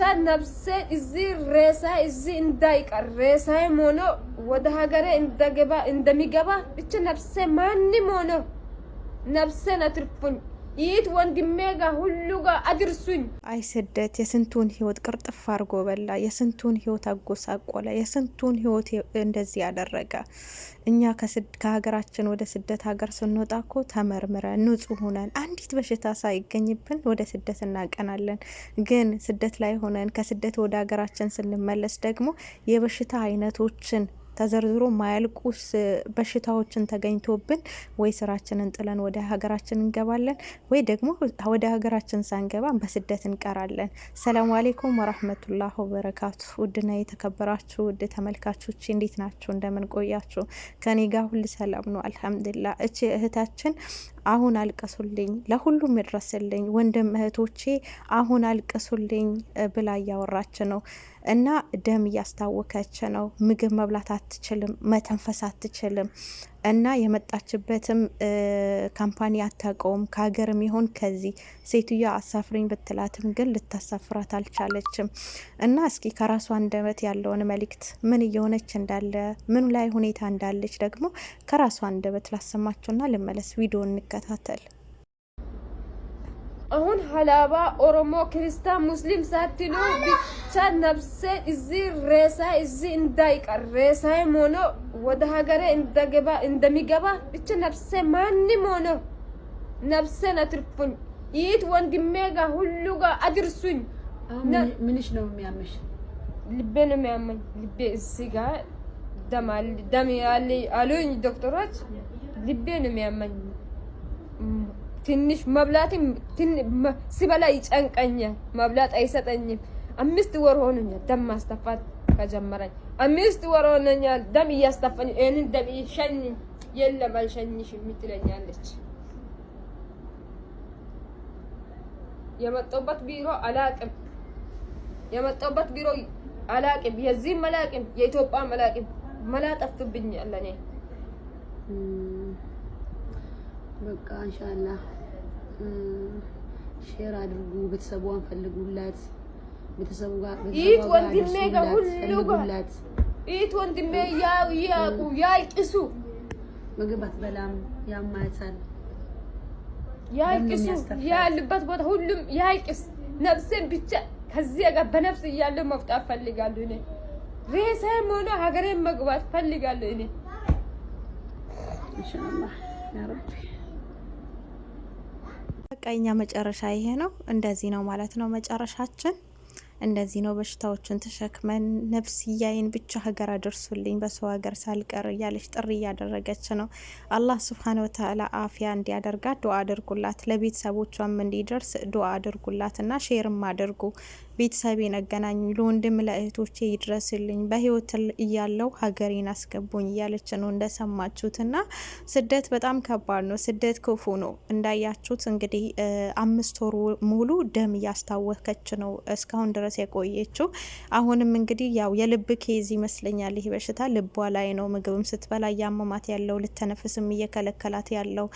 ገብታ ነፍሴ እዚህ ሬሳ እዚህ እንዳይቀር ሬሳ ሆኖ ወደ ሀገሬ እንደሚገባ እች ነፍሴ ማንም ሆኖ ነፍሴን አትርፉኝ። ይት ወንድሜ ጋር ሁሉ ጋር አድርሱኝ። አይ ስደት የስንቱን ህይወት ቅርጥፍ አድርጎ በላ፣ የስንቱን ህይወት አጎሳቆለ፣ የስንቱን ህይወት እንደዚህ ያደረገ። እኛ ከሀገራችን ወደ ስደት ሀገር ስንወጣ እኮ ተመርምረን ንጹህ ሆነን አንዲት በሽታ ሳይገኝብን ወደ ስደት እናቀናለን። ግን ስደት ላይ ሆነን ከስደት ወደ ሀገራችን ስንመለስ ደግሞ የበሽታ አይነቶችን ተዘርዝሮ ማያልቁ በሽታዎችን ተገኝቶብን ወይ ስራችንን ጥለን ወደ ሀገራችን እንገባለን ወይ ደግሞ ወደ ሀገራችን ሳንገባ በስደት እንቀራለን። ሰላሙ አሌይኩም ወራህመቱላህ ወበረካቱ። ውድና የተከበራችሁ ውድ ተመልካቾች እንዴት ናችሁ? እንደምን ቆያችሁ? ከኔ ጋር ሁል ሰላም ነው አልሐምዱላ። እቺ እህታችን አሁን አልቅሱልኝ፣ ለሁሉም ይድረስልኝ ወንድም እህቶቼ አሁን አልቅሱልኝ ብላ እያወራች ነው እና ደም እያስታወከች ነው። ምግብ መብላት አትችልም፣ መተንፈስ አትችልም። እና የመጣችበትም ካምፓኒ አታውቀውም። ከሀገርም ይሆን ከዚህ ሴትዮዋ አሳፍሪኝ ብትላትም ግን ልታሳፍራት አልቻለችም። እና እስኪ ከራሷ አንደበት ያለውን መልእክት ምን እየሆነች እንዳለ ምኑ ላይ ሁኔታ እንዳለች ደግሞ ከራሷ አንደበት ላሰማችሁና ልመለስ። ቪዲዮ እንከታተል። አሁን ሀላባ ኦሮሞ ክርስቲያን ሙስሊም ሳትሉ ብቻ ነብሴ እዚ ሬሳ እዚ እንዳይቀር ሬሳዬም ሆኖ ወደ ሀገሬ እንደገባ እንደሚገባ ብቻ ነብሴ ማንም ሆኖ ነብሴን አትርፉኝ። ይህት ወንድሜ ጋር ሁሉ ጋር አድርሱኝ። ምንሽ ነው የሚያምሽ? ልቤ ነው የሚያመኝ። ልቤ እዚ ጋር ደም አለ አሉኝ ዶክተሮች። ልቤ ነው የሚያመኝ ትንሽ መብላትም ስበላ ይጨንቀኛል። መብላት አይሰጠኝም። አምስት ወር ሆኖኛል ደም ማስተፋት ከጀመረኝ አምስት ወር ሆኖኛል። ደም እያስተፋኝ ይህንን ደም ሸኝ የለም አልሸኝሽም ትለኛለች። የመጣሁበት ቢሮ አላቅም፣ የመጣሁበት ቢሮ አላቅም፣ የዚህም አላቅም፣ የኢትዮጵያ አላቅም። መላ ጠፍቶብኛል እኔ በቃ ኢንሻአላህ ሼር አድርጉ። ቤተሰቧን ፈልጉላት። ቤተሰቡ ጋር ይህ ወንድሜ ጋር ሁሉ ጋር ይህ ወንድሜ ያው ያቁ ያልቅሱ። ምግብ አትበላም፣ ያማታል፣ ያልቅሱ። ያልበት ቦታ ሁሉም ያልቅስ። ነፍሴን ብቻ ከዚህ ጋር በነፍስ እያለሁ መፍጣት ፈልጋለሁ እኔ ሬሳዬም ሆኖ ሀገሬን መግባት ፈልጋለሁ እኔ ኢንሻአላህ ያ ረቢ በቃ የኛ መጨረሻ ይሄ ነው። እንደዚህ ነው ማለት ነው መጨረሻችን እንደዚህ ነው። በሽታዎችን ተሸክመን ነፍስያዬን ብቻ ሀገር አደርሱልኝ በሰው ሀገር ሳልቀር እያለች ጥሪ እያደረገች ነው። አላህ ስብሓን ወተዓላ አፍያ እንዲያደርጋት ዱአ አድርጉላት። ለቤተሰቦቿም እንዲደርስ ዱአ አድርጉላት እና ሼርም አድርጉ። ቤተሰቤን አገናኝ፣ ለወንድም ለእህቶቼ ይድረስልኝ፣ በህይወት እያለው ሀገሬን አስገቡኝ እያለች ነው እንደሰማችሁት። እና ስደት በጣም ከባድ ነው። ስደት ክፉ ነው። እንዳያችሁት እንግዲህ አምስት ወር ሙሉ ደም እያስታወከች ነው እስካሁን ድረስ የቆየችው። አሁንም እንግዲህ ያው የልብ ኬዝ ይመስለኛል ይህ በሽታ ልቧ ላይ ነው። ምግብም ስትበላ እያመማት ያለው ልተነፍስም እየከለከላት ያለው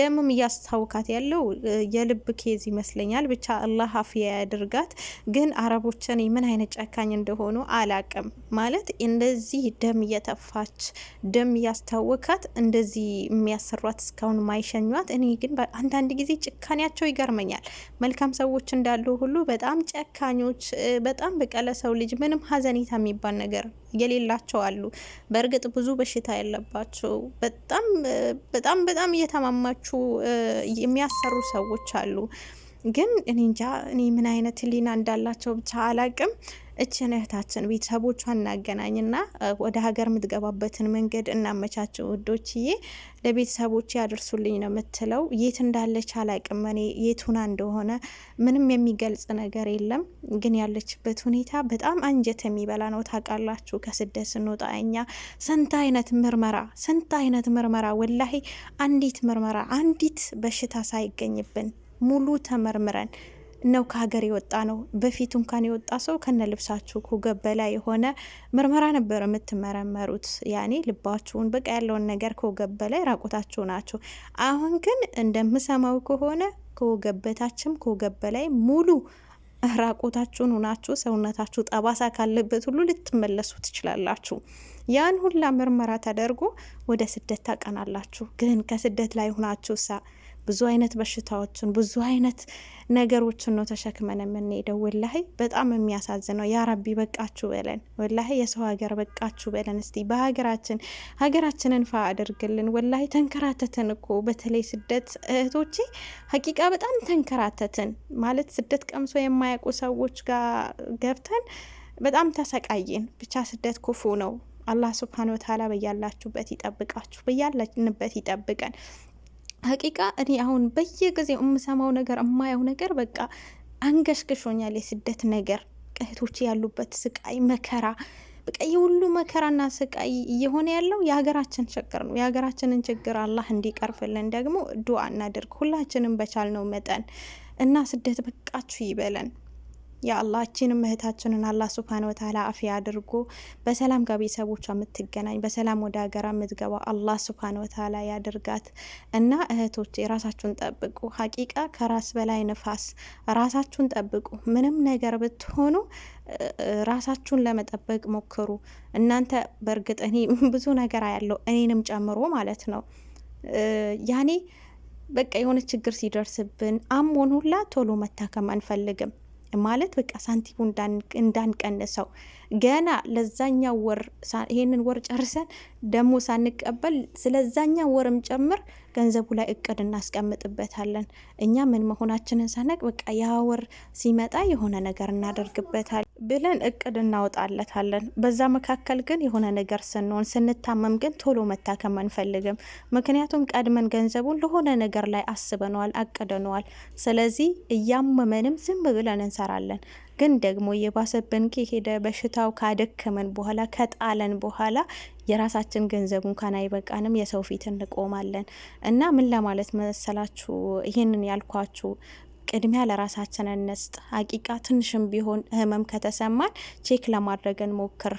ደምም እያስታውካት ያለው የልብ ኬዝ ይመስለኛል። ብቻ አላህ አፍያ ያድርጋት ግን ግን አረቦችን ምን አይነት ጨካኝ እንደሆኑ አላቅም። ማለት እንደዚህ ደም እየተፋች ደም እያስታወካት እንደዚህ የሚያሰሯት እስካሁን ማይሸኟት። እኔ ግን አንዳንድ ጊዜ ጭካኔያቸው ይገርመኛል። መልካም ሰዎች እንዳሉ ሁሉ በጣም ጨካኞች፣ በጣም በቀለ ሰው ልጅ ምንም ሀዘኔታ የሚባል ነገር የሌላቸው አሉ። በእርግጥ ብዙ በሽታ ያለባቸው በጣም በጣም በጣም እየተማማቹ የሚያሰሩ ሰዎች አሉ። ግን እኔ እንጃ እኔ ምን አይነት ህሊና እንዳላቸው ብቻ አላቅም። እችን እህታችን ቤተሰቦቿን እናገናኝና ወደ ሀገር የምትገባበትን መንገድ እናመቻቸው። ውዶችዬ ለቤተሰቦች ያደርሱልኝ ነው የምትለው። የት እንዳለች አላቅም። እኔ የቱና እንደሆነ ምንም የሚገልጽ ነገር የለም። ግን ያለችበት ሁኔታ በጣም አንጀት የሚበላ ነው። ታውቃላችሁ፣ ከስደት ስንወጣ እኛ ስንት አይነት ምርመራ ስንት አይነት ምርመራ ወላሂ አንዲት ምርመራ አንዲት በሽታ ሳይገኝብን ሙሉ ተመርምረን ነው ከሀገር የወጣ ነው። በፊት እንኳን የወጣ ሰው ከነ ልብሳችሁ ኩገብ በላይ የሆነ ምርመራ ነበር የምትመረመሩት። ያኔ ልባችሁን በቃ ያለውን ነገር ከወገብ በላይ ራቆታችሁ ናችሁ። አሁን ግን እንደምሰማው ከሆነ ከወገብ በታችም ከወገብ በላይ ሙሉ ራቆታችሁን ሁናችሁ ሰውነታችሁ ጠባሳ ካለበት ሁሉ ልትመለሱ ትችላላችሁ። ያን ሁላ ምርመራ ተደርጎ ወደ ስደት ታቀናላችሁ። ግን ከስደት ላይ ሁናችሁ ሳ ብዙ አይነት በሽታዎችን ብዙ አይነት ነገሮችን ነው ተሸክመን የምንሄደው። ወላሂ በጣም የሚያሳዝነው። ያረቢ ረቢ በቃችሁ በለን፣ ወላሂ የሰው ሀገር በቃችሁ በለን። እስቲ በሀገራችን ሀገራችንን ፋ አድርግልን። ወላሂ ተንከራተትን እኮ በተለይ ስደት እህቶቼ፣ ሀቂቃ በጣም ተንከራተትን ማለት ስደት ቀምሶ የማያውቁ ሰዎች ጋር ገብተን በጣም ተሰቃየን። ብቻ ስደት ክፉ ነው። አላህ ስብሓን ወተዓላ በያላችሁበት ይጠብቃችሁ፣ በያለንበት ይጠብቀን። ሀቂቃ እኔ አሁን በየጊዜው የምሰማው ነገር የማየው ነገር በቃ አንገሽግሾኛል። የስደት ነገር እህቶች ያሉበት ስቃይ መከራ በቃ የሁሉ መከራና ስቃይ እየሆነ ያለው የሀገራችን ችግር ነው። የሀገራችንን ችግር አላህ እንዲቀርፍልን ደግሞ ዱዓ እናድርግ ሁላችንም በቻልነው መጠን እና ስደት በቃችሁ ይበለን። የአላችንም እህታችንን አላህ ሱብሃነ ወተዓላ አፍያ አድርጎ በሰላም ጋር ቤተሰቦቿ የምትገናኝ በሰላም ወደ ሀገራ የምትገባ አላህ ሱብሃነ ወተዓላ ያድርጋት። እና እህቶች ራሳችሁን ጠብቁ። ሀቂቃ ከራስ በላይ ንፋስ። ራሳችሁን ጠብቁ። ምንም ነገር ብትሆኑ ራሳችሁን ለመጠበቅ ሞክሩ። እናንተ በእርግጥ እኔ ብዙ ነገር ያለው እኔንም ጨምሮ ማለት ነው ያኔ በቃ የሆነ ችግር ሲደርስብን አሞን ሁላ ቶሎ መታከም አንፈልግም። ማለት በቃ ሳንቲሙ እንዳንቀንሰው ገና ለዛኛው ወር ይሄንን ወር ጨርሰን ደግሞ ሳንቀበል ስለዛኛው ወርም ጨምር ገንዘቡ ላይ እቅድ እናስቀምጥበታለን። እኛ ምን መሆናችንን ሳነቅ በቃ ያ ወር ሲመጣ የሆነ ነገር እናደርግበታል። ብለን እቅድ እናወጣለታለን። በዛ መካከል ግን የሆነ ነገር ስንሆን ስንታመም ግን ቶሎ መታከም አንፈልግም። ምክንያቱም ቀድመን ገንዘቡን ለሆነ ነገር ላይ አስበነዋል፣ አቅደነዋል። ስለዚህ እያመመንም ዝም ብለን እንሰራለን። ግን ደግሞ የባሰብን ከሄደ በሽታው ካደከመን በኋላ ከጣለን በኋላ የራሳችን ገንዘቡን እንኳን አይበቃንም፣ የሰው ፊት እንቆማለን። እና ምን ለማለት መሰላችሁ ይህንን ያልኳችሁ ቅድሚያ ለራሳችን እንስጥ። ሀቂቃ ትንሽም ቢሆን ህመም ከተሰማን ቼክ ለማድረግ እንሞክር።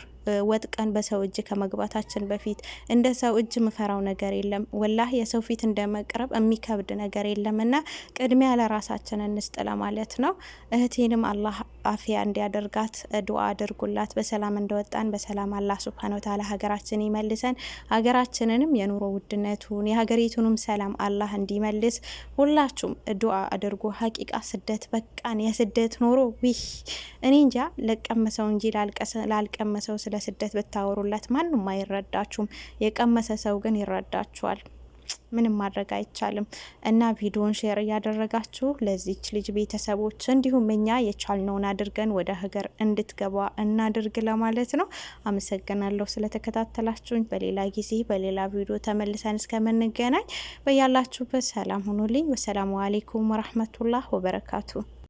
ወጥቀን በሰው እጅ ከመግባታችን በፊት እንደ ሰው እጅ ምፈራው ነገር የለም ወላህ የሰው ፊት እንደመቅረብ የሚከብድ ነገር እና ቅድሚያ ለራሳችን እንስጥ ለማለት ነው። እህቴንም አላህ አፊያ እንዲያደርጋት ዱዓ አድርጉላት። በሰላም እንደወጣን በሰላም አላህ ሱብሃነ ወተዓላ ሀገራችን ይመልሰን። ሀገራችንንም የኑሮ ውድነቱን የሀገሪቱንም ሰላም አላህ እንዲመልስ ሁላችሁም ዱዓ አድርጉ። ሀቂቃ ስደት በቃን። የስደት ኖሮ ዊህ እኔ እንጃ ለቀመሰው እንጂ ላልቀመሰው ስለ ስለ ስደት ብታወሩለት ማንም አይረዳችሁም። የቀመሰ ሰው ግን ይረዳችኋል። ምንም ማድረግ አይቻልም እና ቪዲዮን ሼር እያደረጋችሁ ለዚች ልጅ ቤተሰቦች እንዲሁም እኛ የቻልነውን አድርገን ወደ ሀገር እንድትገባ እናድርግ ለማለት ነው። አመሰግናለሁ ስለተከታተላችሁኝ። በሌላ ጊዜ በሌላ ቪዲዮ ተመልሰን እስከምንገናኝ በያላችሁበት ሰላም ሁኑልኝ። ወሰላሙ አሌይኩም ወረህመቱላህ ወበረካቱ